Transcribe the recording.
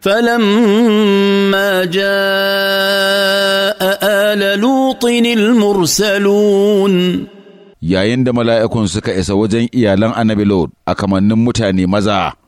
فلما جاء آل لوط المرسلون يا يند ملائكون سكا إسا وجن إيالان أنا بلود أكما نمتاني مزاح